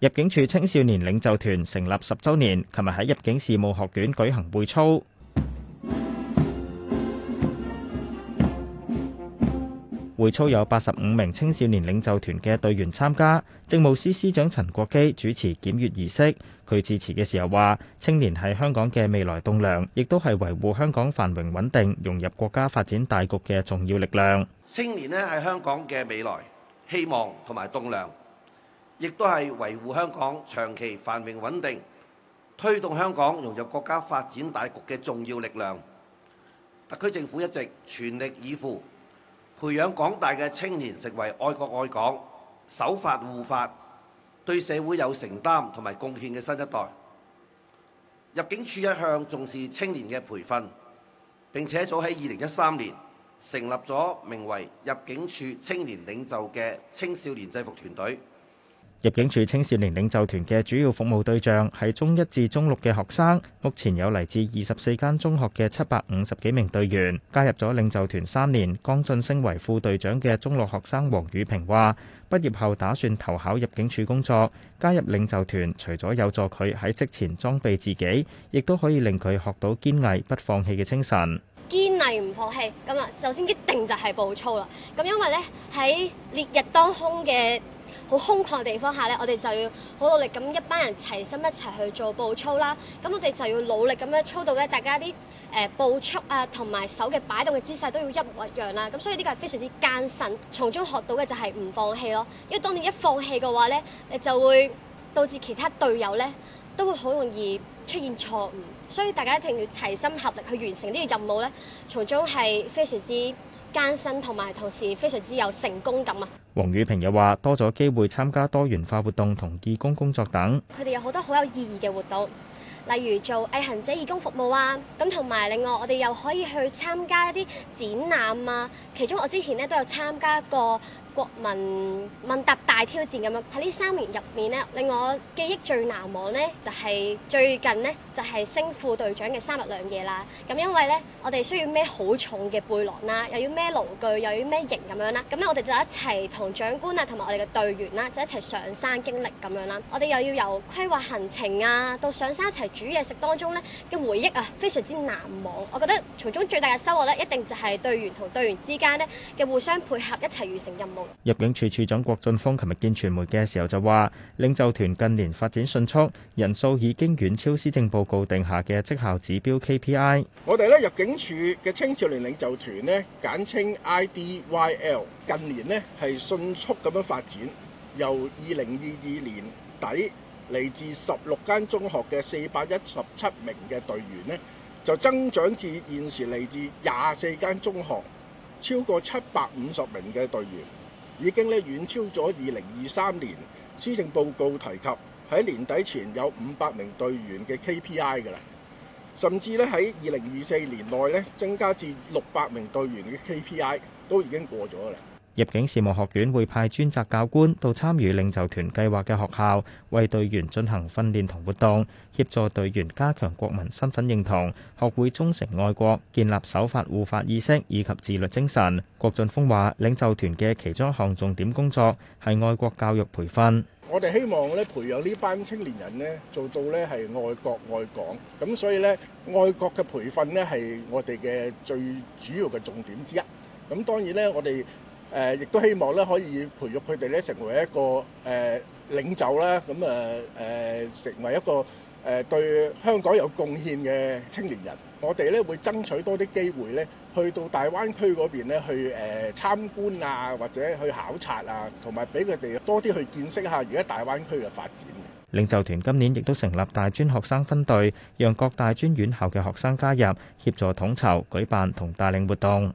入境處青少年領袖團成立十周年，琴日喺入境事務學院舉行會操。會操有八十五名青少年領袖團嘅隊員參加，政務司司長陳國基主持檢閱儀式。佢致辭嘅時候話：青年係香港嘅未來棟梁，亦都係維護香港繁榮穩定、融入國家發展大局嘅重要力量。青年呢係香港嘅未來，希望同埋棟梁。亦都係維護香港長期繁榮穩定、推動香港融入國家發展大局嘅重要力量。特區政府一直全力以赴，培養廣大嘅青年成為愛國愛港、守法護法、對社會有承擔同埋貢獻嘅新一代。入境處一向重視青年嘅培訓，並且早喺二零一三年成立咗名為入境處青年領袖嘅青少年制服團隊。入境處青少年領袖團嘅主要服務對象係中一至中六嘅學生，目前有嚟自二十四間中學嘅七百五十幾名隊員。加入咗領袖團三年，剛晉升為副隊長嘅中六學生黃宇平話，畢業後打算投考入境處工作。加入領袖團，除咗有助佢喺職前裝備自己，亦都可以令佢學到堅毅不放棄嘅精神。堅毅唔放棄咁啊！首先一定就係步操啦。咁因為咧喺烈日當空嘅好空曠嘅地方下咧，我哋就要好努力咁一班人齊心一齊去做步操啦。咁我哋就要努力咁樣操到咧，大家啲誒、呃、步速啊，同埋手嘅擺動嘅姿勢都要一模一樣啦。咁所以呢個係非常之艱辛，從中學到嘅就係唔放棄咯。因為當你一放棄嘅話咧，誒就會導致其他隊友咧，都會好容易出現錯誤，所以大家一定要齊心合力去完成呢個任務咧，從中係非常之艱辛，同埋同時非常之有成功感啊！黃宇平又話：多咗機會參加多元化活動同義工工作等，佢哋有好多好有意義嘅活動，例如做毅行者義工服務啊，咁同埋另外我哋又可以去參加一啲展覽啊。其中我之前咧都有參加過。國民問答大挑戰，咁樣喺呢三年入面咧，令我記憶最難忘咧就係最近咧就係升副隊長嘅三日兩夜啦。咁因為咧我哋需要孭好重嘅背囊啦，又要孭勞具，又要孭營咁樣啦。咁咧我哋就一齊同長官啊，同埋我哋嘅隊員啦，就一齊上山經歷咁樣啦。我哋又要由規劃行程啊，到上山一齊煮嘢食當中咧嘅回憶啊，非常之難忘。我覺得從中最大嘅收穫咧，一定就係隊員同隊員之間咧嘅互相配合一齊完成任務。入境處處長郭俊峯琴日見傳媒嘅時候就話，領袖團近年發展迅速，人數已經遠超施政報告定下嘅績效指標 KPI。我哋咧入境處嘅青少年領袖團咧，簡稱 IDYL，近年咧係迅速咁樣發展，由二零二二年底嚟自十六間中學嘅四百一十七名嘅隊員咧，就增長至現時嚟自廿四間中學，超過七百五十名嘅隊員。已經咧遠超咗二零二三年施政報告提及喺年底前有五百名隊員嘅 KPI 㗎喇，甚至咧喺二零二四年內咧增加至六百名隊員嘅 KPI 都已經過咗啦。入境事務學院會派專責教官到參與領袖團計劃嘅學校，為隊員進行訓練同活動，協助隊員加強國民身份認同，學會忠誠愛國，建立守法護法意識以及自律精神。郭俊峯話，領袖團嘅其中一項重點工作係愛國教育培訓。我哋希望咧培養呢班青年人咧做到咧係愛國愛港，咁所以咧愛國嘅培訓咧係我哋嘅最主要嘅重點之一。咁當然咧，我哋誒，亦都希望咧，可以培育佢哋咧，成為一個誒領袖啦。咁啊誒，成為一個誒對香港有貢獻嘅青年人。我哋咧會爭取多啲機會咧，去到大灣區嗰邊咧，去誒參觀啊，或者去考察啊，同埋俾佢哋多啲去見識下而家大灣區嘅發展。領袖團今年亦都成立大專學生分隊，讓各大專院校嘅學生加入，協助統籌、舉辦同帶領活動。